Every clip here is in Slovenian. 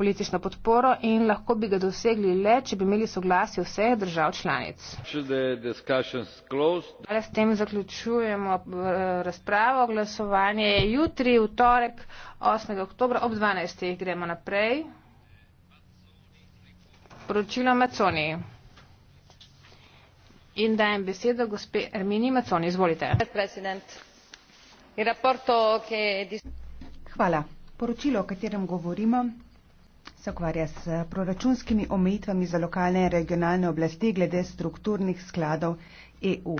politično podporo in lahko bi ga dosegli le, če bi imeli soglasje vseh držav članic. Hvala, s tem zaključujemo eh, razpravo. Glasovanje je jutri, v torek, 8. oktober, ob 12. gremo naprej. Poročilo Maconi. In dajem besedo gospe Armini Maconi. Izvolite. Hvala. Poročilo, o katerem govorimo, se ukvarja s proračunskimi omejitvami za lokalne in regionalne oblasti glede strukturnih skladov EU.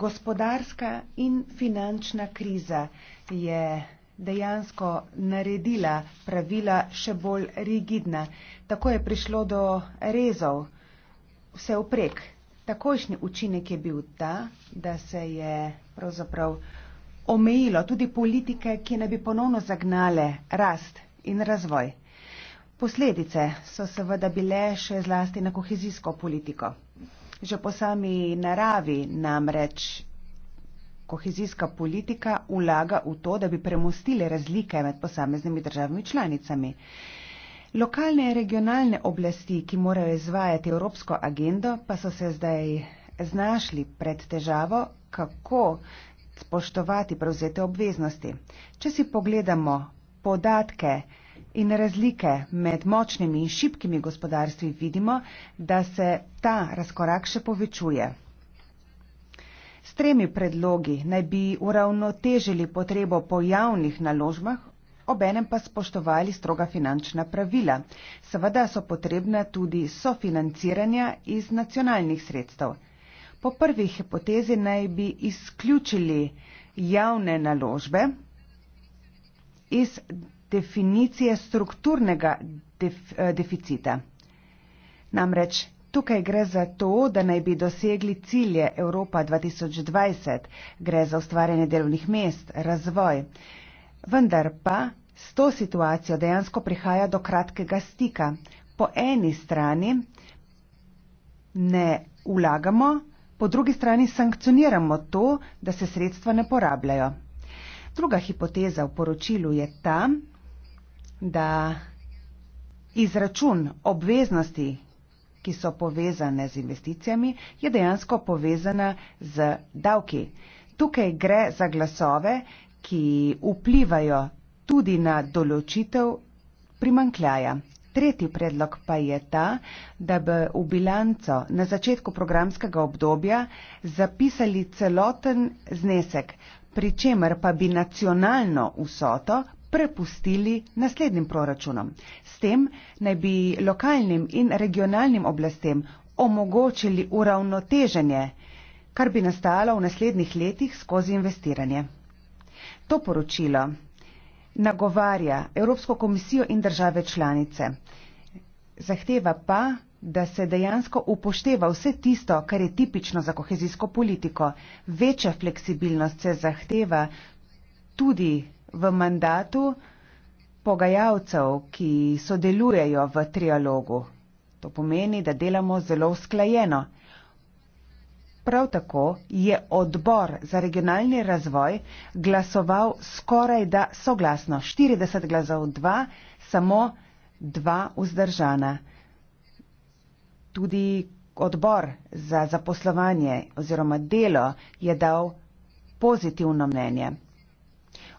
Gospodarska in finančna kriza je dejansko naredila pravila še bolj rigidna. Tako je prišlo do rezov vse uprek. Takojšnji učinek je bil ta, da se je pravzaprav omejilo tudi politike, ki ne bi ponovno zagnale rast in razvoj. Posledice so seveda bile še zlasti na kohezijsko politiko. Že po sami naravi namreč kohezijska politika ulaga v to, da bi premustile razlike med posameznimi državami članicami. Lokalne in regionalne oblasti, ki morajo izvajati evropsko agendo, pa so se zdaj znašli pred težavo, kako spoštovati prevzete obveznosti. Če si pogledamo podatke, In razlike med močnimi in šibkimi gospodarstvi vidimo, da se ta razkorak še povečuje. S tremi predlogi naj bi uravnotežili potrebo po javnih naložbah, obenem pa spoštovali stroga finančna pravila. Seveda so potrebna tudi sofinanciranja iz nacionalnih sredstev. Po prvi hipotezi naj bi izključili javne naložbe iz definicije strukturnega def, eh, deficita. Namreč tukaj gre za to, da naj bi dosegli cilje Evropa 2020, gre za ustvarjanje delovnih mest, razvoj. Vendar pa s to situacijo dejansko prihaja do kratkega stika. Po eni strani ne ulagamo, po drugi strani sankcioniramo to, da se sredstva ne porabljajo. Druga hipoteza v poročilu je ta, da izračun obveznosti, ki so povezane z investicijami, je dejansko povezana z davki. Tukaj gre za glasove, ki vplivajo tudi na določitev primankljaja. Tretji predlog pa je ta, da bi v bilanco na začetku programskega obdobja zapisali celoten znesek, pri čemer pa bi nacionalno vsoto prepustili naslednjim proračunom. S tem naj bi lokalnim in regionalnim oblastem omogočili uravnoteženje, kar bi nastalo v naslednjih letih skozi investiranje. To poročilo nagovarja Evropsko komisijo in države članice. Zahteva pa, da se dejansko upošteva vse tisto, kar je tipično za kohezijsko politiko. Večja fleksibilnost se zahteva tudi v mandatu pogajalcev, ki sodelujejo v trialogu. To pomeni, da delamo zelo usklajeno. Prav tako je odbor za regionalni razvoj glasoval skoraj da soglasno. 40 glasov 2, samo 2 vzdržana. Tudi odbor za zaposlovanje oziroma delo je dal pozitivno mnenje.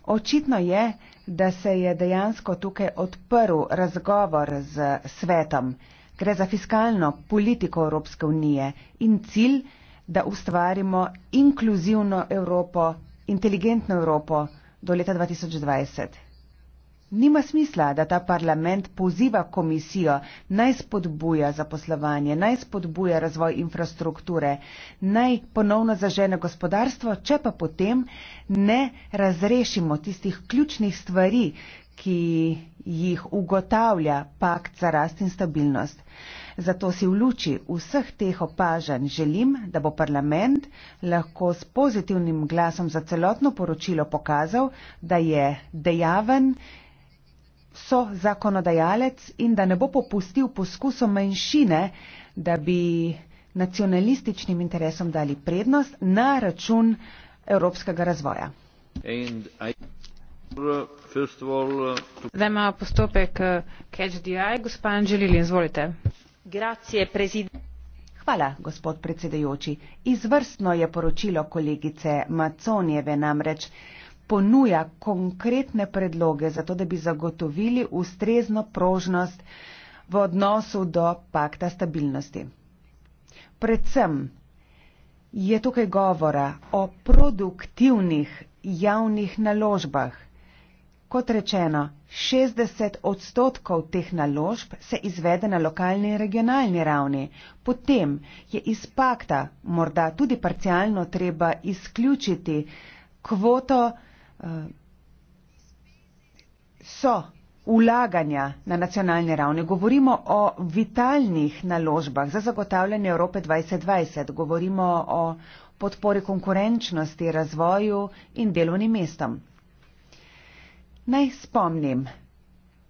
Očitno je, da se je dejansko tukaj odprl razgovor z svetom. Gre za fiskalno politiko Evropske unije in cilj, da ustvarimo inkluzivno Evropo, inteligentno Evropo do leta 2020. Nima smisla, da ta parlament poziva komisijo naj spodbuja zaposlovanje, naj spodbuja razvoj infrastrukture, naj ponovno zažene gospodarstvo, če pa potem ne razrešimo tistih ključnih stvari, ki jih ugotavlja pakt za rast in stabilnost. Zato si v luči vseh teh opažanj želim, da bo parlament lahko s pozitivnim glasom za celotno poročilo pokazal, da je dejaven, so zakonodajalec in da ne bo popustil poskusom manjšine, da bi nacionalističnim interesom dali prednost na račun evropskega razvoja. Uh, Zdaj ima postopek uh, Catch the Eye, gospa Anželili, izvolite. Hvala, gospod predsedajoči. Izvrstno je poročilo kolegice Maconjeve namreč ponuja konkretne predloge za to, da bi zagotovili ustrezno prožnost v odnosu do pakta stabilnosti. Predvsem je tukaj govora o produktivnih javnih naložbah. Kot rečeno, 60 odstotkov teh naložb se izvede na lokalni in regionalni ravni. Potem je iz pakta morda tudi parcialno treba izključiti kvoto, uh, so ulaganja na nacionalni ravni. Govorimo o vitalnih naložbah za zagotavljanje Evrope 2020. Govorimo o podpori konkurenčnosti, razvoju in delovnim mestom. Naj spomnim,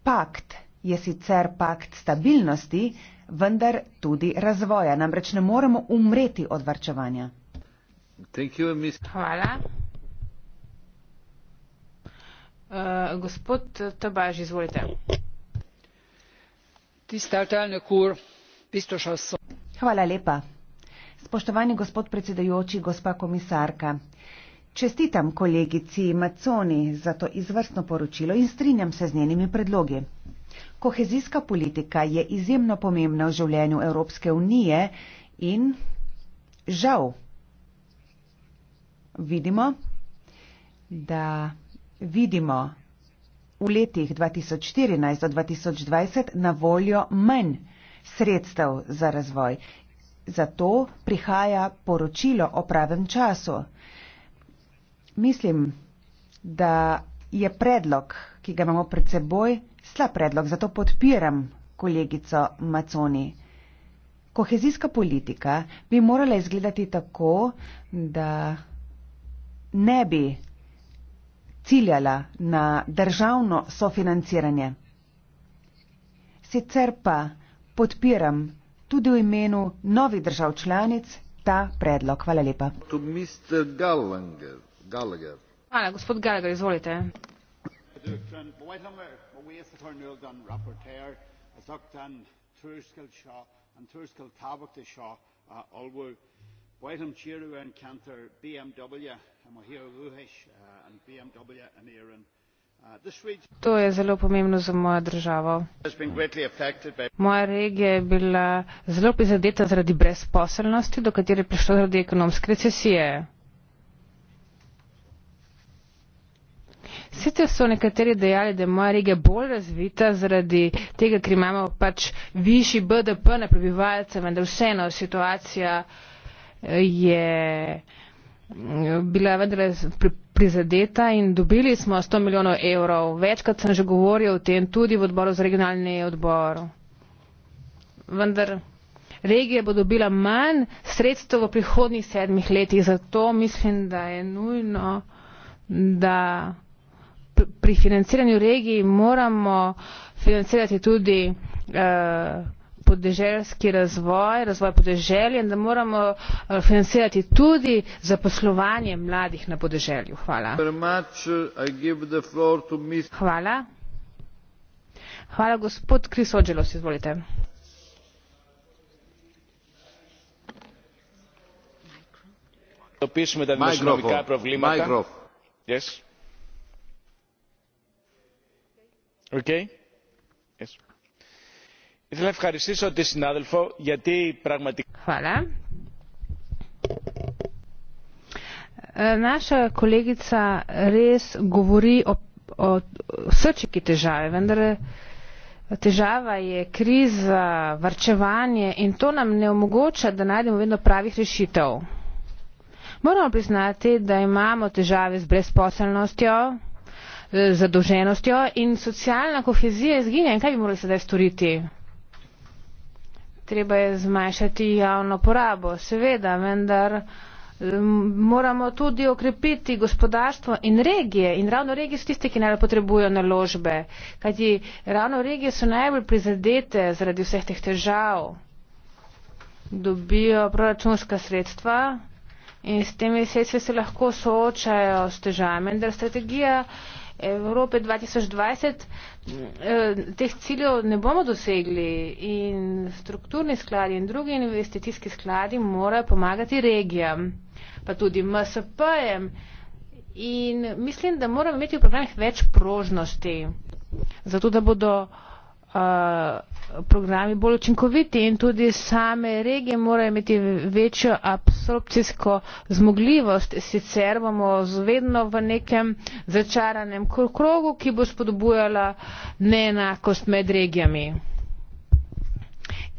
pakt je sicer pakt stabilnosti, vendar tudi razvoja. Namreč ne moremo umreti od varčevanja. Hvala. Uh, spoštovani gospod predsedujoči gospa komisarka čestitam kolegici mazzoni za to izvrstno poročilo in strinjam se z njenimi predlogi kohezijska politika je izjemno pomembna v življenju evropske unije in žal vidimo da vidimo v letih 2014 do 2020 na voljo manj sredstev za razvoj. Zato prihaja poročilo o pravem času. Mislim, da je predlog, ki ga imamo pred seboj, slab predlog, zato podpiram kolegico Maconi. Kohezijska politika bi morala izgledati tako, da ne bi ciljala na državno sofinanciranje. Sicer pa podpiram tudi v imenu novih držav članic ta predlog. Hvala lepa. Hvala, gospod Gallagher, izvolite. Hvala, gospod Gallagher, izvolite. Wait am cheeru an canter BMW a mo hir ruhesh uh, an BMW an eran. To je zelo pomembno za mojo državo. Moja regija je bila zelo prizadeta zaradi brezposelnosti, do katere je prišlo zaradi ekonomske recesije. Sicer so nekateri dejali, da je moja regija bolj razvita zaradi tega, ker imamo pač višji BDP na prebivalce, vendar vseeno situacija. Uh, je bila vendarle prizadeta in dobili smo 100 milijonov evrov. Večkrat sem že govoril o tem tudi v odboru z regionalni odbor. Vendar regije bo dobila manj sredstev v prihodnjih sedmih letih. Zato mislim, da je nujno, da pri financiranju regij moramo financirati tudi eh, podeželski razvoj razvoj podeželja in da moramo eh, financirati tudi zaposlovanje mladih na podeželju. Hvala. Hvala. Hvala, gospod Krisodželos, izvolite. Microphone. Yes. Okay ήθελα να ευχαριστήσω τη συνάδελφο γιατί πραγματικά. Naša kolegica res govori o, o srčiki težave, vendar težava je kriza, varčevanje in to nam ne omogoča, da najdemo vedno pravih rešitev. Moramo priznati, da imamo težave z brezposelnostjo, z zadolženostjo in socialna kohezija izginja in kaj bi morali sedaj storiti? treba je zmanjšati javno porabo. Seveda, vendar moramo tudi okrepiti gospodarstvo in regije. In ravno regije so tiste, ki najbolj potrebujo naložbe. Kajti ravno regije so najbolj prizadete zaradi vseh teh težav. Dobijo proračunska sredstva. In s temi sredstvi se lahko soočajo s težavami, vendar strategija Evrope 2020, eh, teh ciljev ne bomo dosegli in strukturni skladi in drugi investicijski skladi morajo pomagati regijam, pa tudi MSP-jem. In mislim, da moramo imeti v programih več prožnosti, zato da bodo uh, Eh, programi bolj učinkoviti in tudi same regije morajo imeti večjo absorpcijsko zmogljivost. Sicer bomo vedno v nekem začaranem krogu, ki bo spodbujala neenakost med regijami.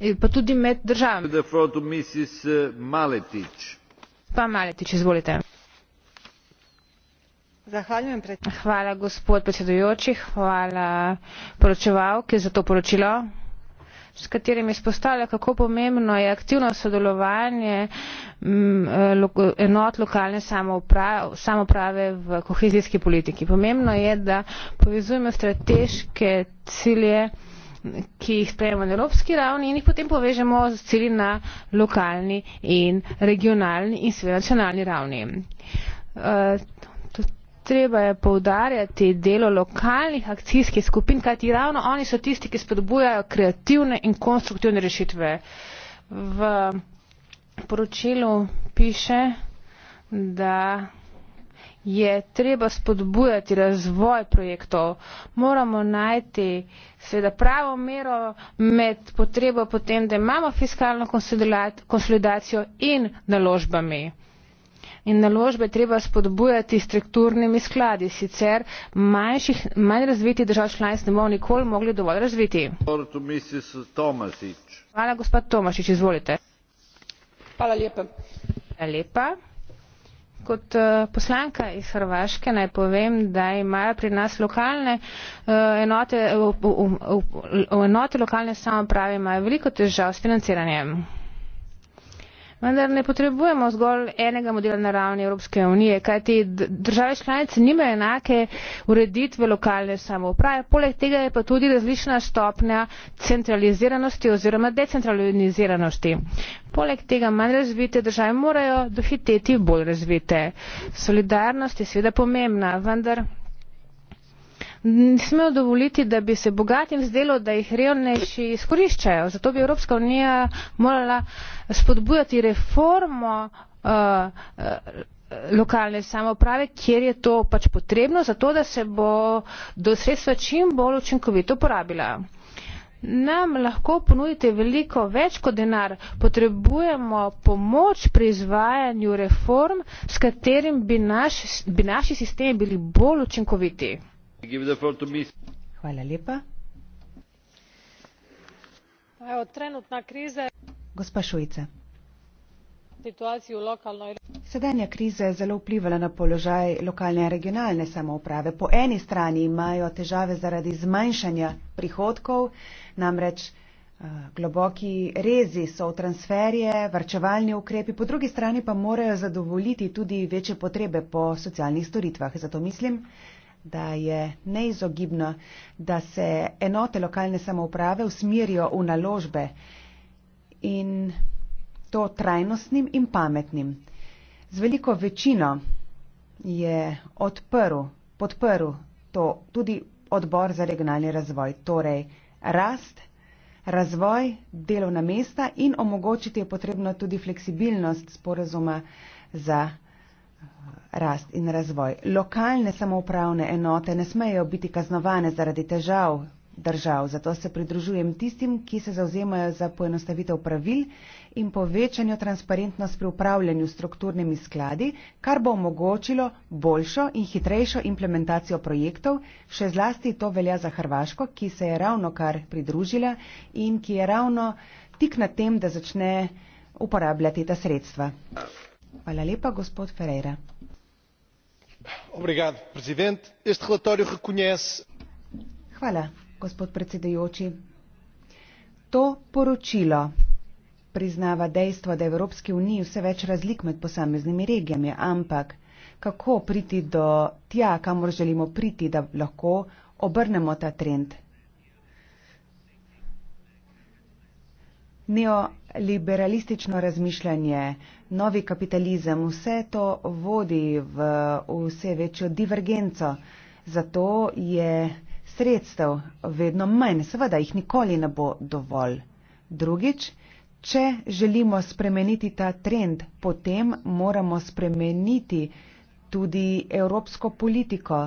Eh, pa tudi med državami. Eh, pa Maletič, izvolite hvala gospod predsedujoči hvala poročevalki za to poročilo s katerim izpostavlja kako pomembno je aktivno sodelovanje mm, eh, enot lokalne samoprave v kohezijski politiki pomembno je da povezujemo strateške cilje ki jih sprejemamo na evropski ravni in jih potem povežemo z cilji na lokalni in regionalni in seveda nacionalni ravni. Eh, treba je poudarjati delo lokalnih akcijskih skupin, kajti ravno oni so tisti, ki spodbujajo kreativne in konstruktivne rešitve. V poročilu piše, da je treba spodbujati razvoj projektov. Moramo najti seveda pravo mero med potrebo potem, da imamo fiskalno konsolidacijo in naložbami in naložbe treba spodbujati strukturnimi skladi sicer manjših manj razvitih držav članic ne bomo nikoli mogli dovolj razviti. kot eh, poslanka iz hrvaške naj povem da imajo pri nas lokalne eh, enote, enote lokalne samoprave imajo veliko težav s financiranjem vendar ne potrebujemo zgolj enega modela na ravni Evropske unije, kajti države članice nimajo enake ureditve lokalne samouprave, poleg tega je pa tudi različna stopnja centraliziranosti oziroma decentraliziranosti. Poleg tega manj razvite države morajo dohiteti bolj razvite. Solidarnost je seveda pomembna, vendar ne smejo dovoliti, da bi se bogatim zdelo, da jih revnejši izkoriščajo. Zato bi Evropska unija morala spodbujati reformo uh, uh lokalne samoprave, kjer je to pač potrebno, zato da se bo do sredstva čim bolj učinkovito porabila. Nam lahko ponudite veliko več kot denar. Potrebujemo pomoč pri izvajanju reform, s katerim bi, naš, bi naši sistemi bili bolj učinkoviti. Hvala lepa. Evo, trenutna kriza. Gospa Šujce. Sedanja kriza je zelo vplivala na položaj lokalne in regionalne samouprave. Po eni strani imajo težave zaradi zmanjšanja prihodkov, namreč eh, globoki rezi so v transferje, varčevalni ukrepi, po drugi strani pa morajo zadovoljiti tudi večje potrebe po socialnih storitvah. Zato mislim, da je neizogibno, da se enote lokalne samouprave usmirijo v naložbe in to trajnostnim in pametnim. Z veliko večino je odprl, podprl to tudi odbor za regionalni razvoj, torej rast, razvoj delovna mesta in omogočiti je potrebno tudi fleksibilnost sporazuma za rast in razvoj. Lokalne samoupravne enote ne smejo biti kaznovane zaradi težav držav, zato se pridružujem tistim, ki se zauzemajo za poenostavitev pravil in povečanje transparentnosti pri upravljanju strukturnimi skladi, kar bo omogočilo boljšo in hitrejšo implementacijo projektov, še zlasti to velja za Hrvaško, ki se je ravno kar pridružila in ki je ravno tik na tem, da začne uporabljati ta sredstva. Obrigado, presidente. Este relatório reconhece. Hvala, gospod predsedujoči. To poročilo priznava dejstvo, da je v Evropski uniji vse več razlik med posameznimi regijami, ampak kako priti do tja, kamor želimo priti, da lahko obrnemo ta trend? neoliberalistično razmišljanje, novi kapitalizem, vse to vodi v vse večjo divergenco. Zato je sredstev vedno manj, seveda jih nikoli ne bo dovolj. Drugič, če želimo spremeniti ta trend, potem moramo spremeniti tudi evropsko politiko.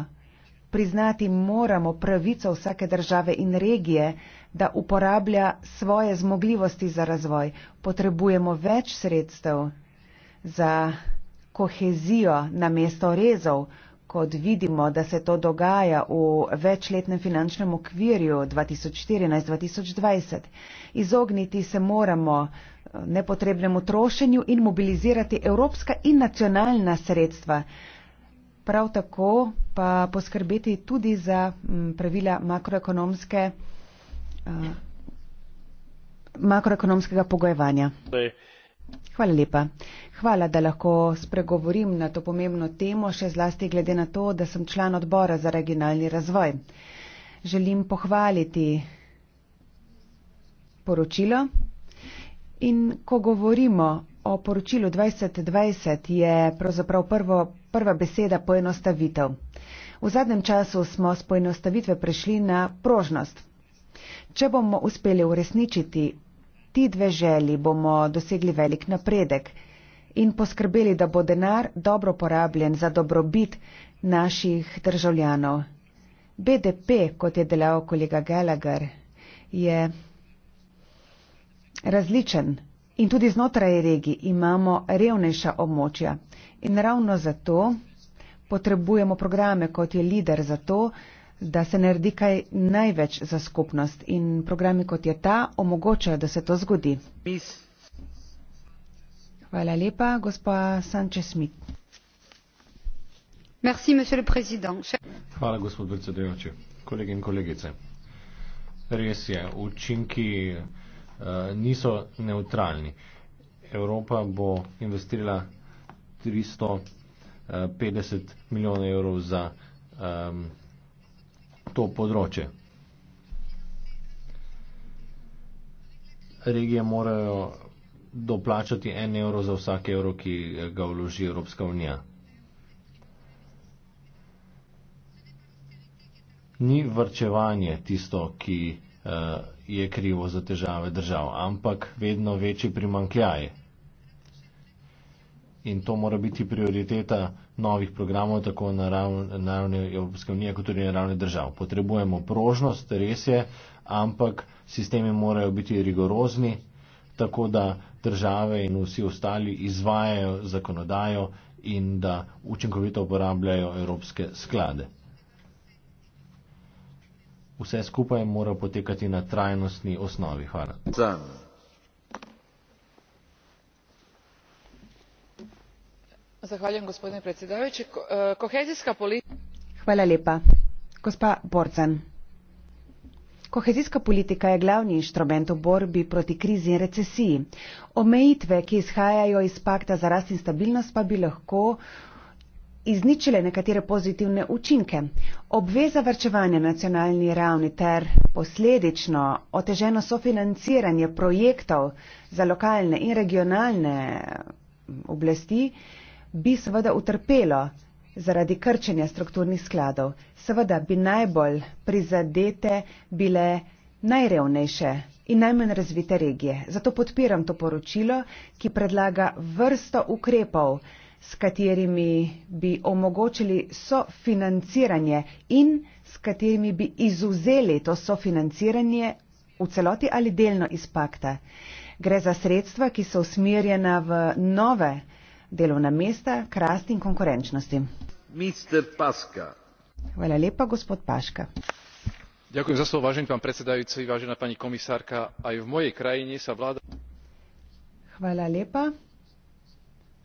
Priznati moramo pravico vsake države in regije, da uporablja svoje zmogljivosti za razvoj. Potrebujemo več sredstev za kohezijo na mesto rezov, kot vidimo, da se to dogaja v večletnem finančnem okvirju 2014-2020. Izogniti se moramo eh, nepotrebnemu trošenju in mobilizirati evropska in nacionalna sredstva. Prav tako pa poskrbeti tudi za mm, pravila makroekonomske Eh, makroekonomskega pogojevanja. Hvala lepa. Hvala, da lahko spregovorim na to pomembno temo, še zlasti glede na to, da sem član odbora za regionalni razvoj. Želim pohvaliti poročilo in ko govorimo o poročilu 2020, je pravzaprav prvo, prva beseda poenostavitev. V zadnjem času smo s poenostavitve prešli na prožnost. Če bomo uspeli uresničiti ti dve želi, bomo dosegli velik napredek in poskrbeli, da bo denar dobro porabljen za dobrobit naših državljanov. BDP, kot je delal kolega Gallagher, je različen in tudi znotraj regij imamo revnejša območja. In ravno zato potrebujemo programe, kot je LIDER za to, da se naredi kaj največ za skupnost in programi kot je ta omogočajo, da se to zgodi. Peace. Hvala lepa, gospa Sanchez-Smith. Merci, monsieur le président. Hvala, gospod predsedujoči. Kolegi in kolegice. Res je, učinki uh, niso neutralni. Evropa bo investirala 350 eh, milijonov evrov za um, to področje. Regije morajo doplačati en evro za vsak evro, ki ga vloži Evropska unija. Ni vrčevanje tisto, ki uh, je krivo za težave držav, ampak vedno večji primankljaj in to mora biti prioriteta novih programov, tako na ravni, na ravni Evropske unije, kot tudi na ravni držav. Potrebujemo prožnost, res je, ampak sistemi morajo biti rigorozni, tako da države in vsi ostali izvajajo zakonodajo in da učinkovito uporabljajo evropske sklade. Vse skupaj mora potekati na trajnostni osnovi. Hvala. Zan. gospodine predsjedavajući e, kohezijska politika. gospa borzan kohezijska politika je glavni inštrument v borbi proti krizi in recesiji omejitve ki izhajajo iz pakta za rast in stabilnost pa bi lahko izničile nekatere pozitivne učinke. Obveza vrčevanja nacionalni ravni ter posledično oteženo sofinanciranje projektov za lokalne in regionalne oblasti bi seveda utrpelo zaradi krčenja strukturnih skladov. Seveda bi najbolj prizadete bile najrevnejše in najmanj razvite regije. Zato podpiram to poročilo, ki predlaga vrsto ukrepov, s katerimi bi omogočili sofinanciranje in s katerimi bi izuzeli to sofinanciranje v celoti ali delno iz pakta. Gre za sredstva, ki so usmerjena v nove delovna mesta, k rasti in konkurenčnosti. Hvala lepa, gospod Paška. Ďakujem za slovo, vážený pán predsedajúci, vážená pani komisárka. Aj v mojej krajine sa vláda... Hvala lepa.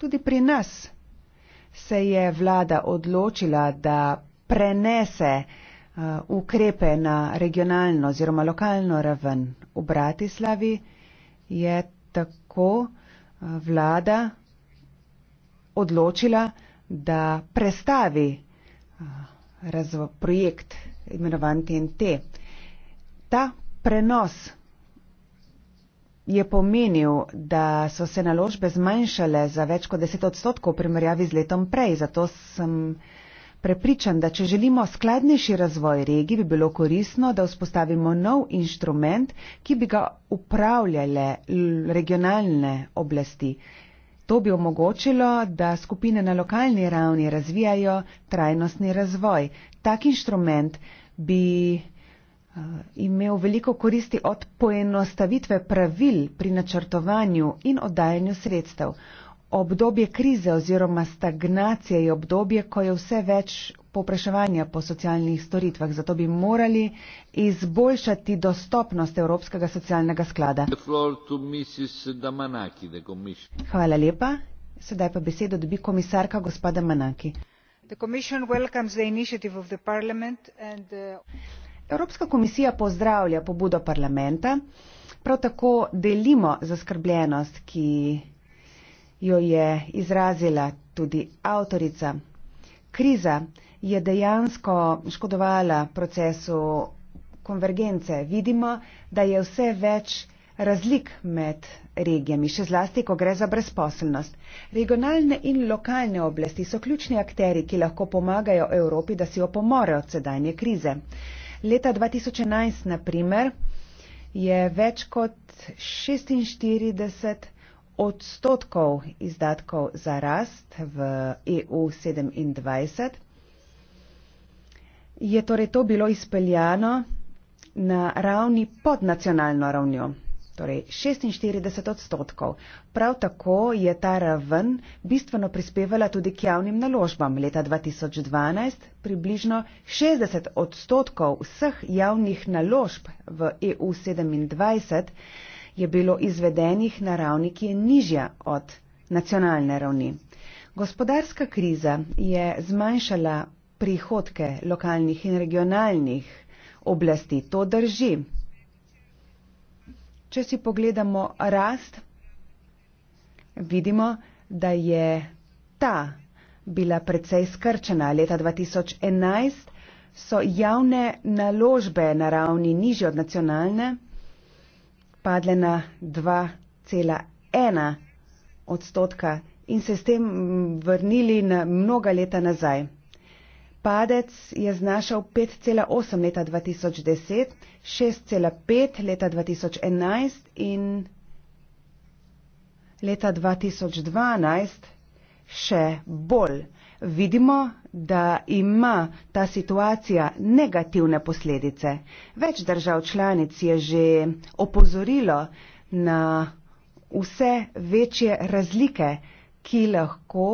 Tudi pri nas se je vlada odločila, da prenese eh, ukrepe na regionalno oziroma lokalno raven. V Bratislavi je tako eh, vlada odločila, da prestavi razvoj, projekt imenovan TNT. Ta prenos je pomenil, da so se naložbe zmanjšale za več kot 10 odstotkov v primerjavi z letom prej. Zato sem prepričan, da če želimo skladnejši razvoj regi, bi bilo korisno, da vzpostavimo nov inštrument, ki bi ga upravljale regionalne oblasti. To bi omogočilo, da skupine na lokalni ravni razvijajo trajnostni razvoj. Tak inštrument bi eh, imel veliko koristi od poenostavitve pravil pri načrtovanju in oddajanju sredstev. Obdobje krize oziroma stagnacije je obdobje, ko je vse več povpraševanja po socialnih storitvah, zato bi morali izboljšati dostopnost Evropskega socialnega sklada. Hvala lepa. Sedaj pa besedo dobi komisarka gospoda Manaki. Uh, Evropska komisija pozdravlja pobudo parlamenta, prav tako delimo zaskrbljenost, ki jo je izrazila tudi avtorica. Kriza je dejansko škodovala procesu konvergence. Vidimo, da je vse več razlik med regijami, še zlasti, ko gre za brezposelnost. Regionalne in lokalne oblasti so ključni akteri, ki lahko pomagajo Evropi, da si opomore od sedanje krize. Leta 2011, na primer, je več kot 46 odstotkov izdatkov za rast v EU27 je torej to bilo izpeljano na ravni pod nacionalno ravnjo, torej 46 odstotkov. Prav tako je ta raven bistveno prispevala tudi k javnim naložbam. Leta 2012 približno 60 odstotkov vseh javnih naložb v EU27 je bilo izvedenih na ravni, ki je nižja od nacionalne ravni. Gospodarska kriza je zmanjšala prihodke lokalnih in regionalnih oblasti. To drži. Če si pogledamo rast, vidimo, da je ta bila precej skrčena. Leta 2011 so javne naložbe na ravni nižje od nacionalne padle na 2,1 odstotka in se s tem vrnili na mnoga leta nazaj padec je znašal 5,8 leta 2010, 6,5 leta 2011 in leta 2012 še bolj. Vidimo, da ima ta situacija negativne posledice. Več držav članic je že opozorilo na vse večje razlike ki lahko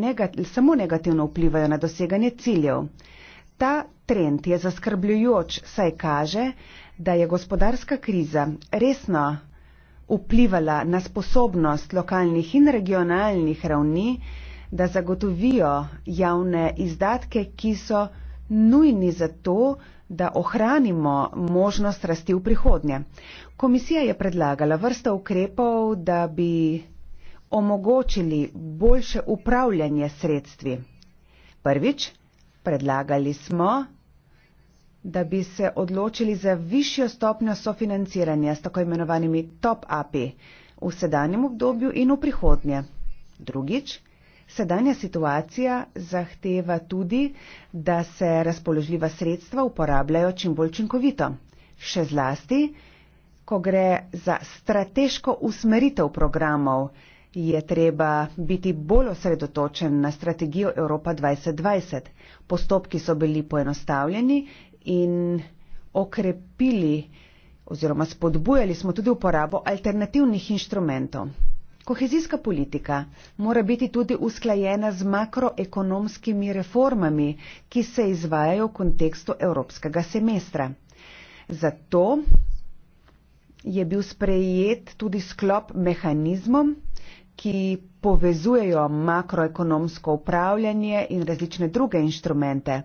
negativ, samo negativno vplivajo na doseganje ciljev. Ta trend je zaskrbljujoč, saj kaže, da je gospodarska kriza resno vplivala na sposobnost lokalnih in regionalnih ravni, da zagotovijo javne izdatke, ki so nujni za to, da ohranimo možnost rasti v prihodnje. Komisija je predlagala vrsta ukrepov, da bi omogočili boljše upravljanje sredstvi. Prvič, predlagali smo, da bi se odločili za višjo stopnjo sofinanciranja s tako imenovanimi top-upi v sedanjem obdobju in v prihodnje. Drugič, sedanja situacija zahteva tudi, da se razpoložljiva sredstva uporabljajo čim bolj učinkovito. Še zlasti, ko gre za strateško usmeritev programov, je treba biti bolj osredotočen na strategijo Evropa 2020. Postopki so bili poenostavljeni in okrepili oziroma spodbujali smo tudi uporabo alternativnih inštrumentov. Kohezijska politika mora biti tudi usklajena z makroekonomskimi reformami, ki se izvajajo v kontekstu evropskega semestra. Zato je bil sprejet tudi sklop mehanizmom, ki povezujejo makroekonomsko upravljanje in različne druge inštrumente,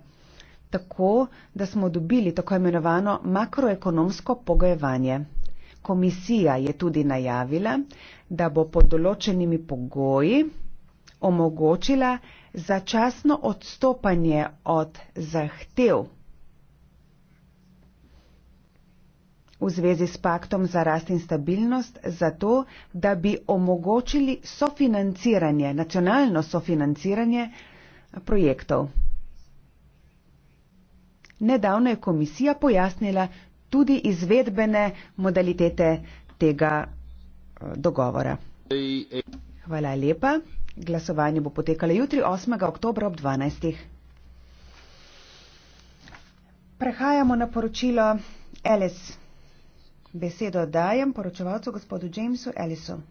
tako da smo dobili tako imenovano makroekonomsko pogojevanje. Komisija je tudi najavila, da bo pod določenimi pogoji omogočila začasno odstopanje od zahtev v zvezi s paktom za rast in stabilnost, zato da bi omogočili sofinanciranje, nacionalno sofinanciranje projektov. Nedavno je komisija pojasnila tudi izvedbene modalitete tega eh, dogovora. Hvala lepa. Glasovanje bo potekalo jutri 8. oktober ob 12. Prehajamo na poročilo Alice. Besedo dajem poročevalcu gospodu Jamesu Ellisu.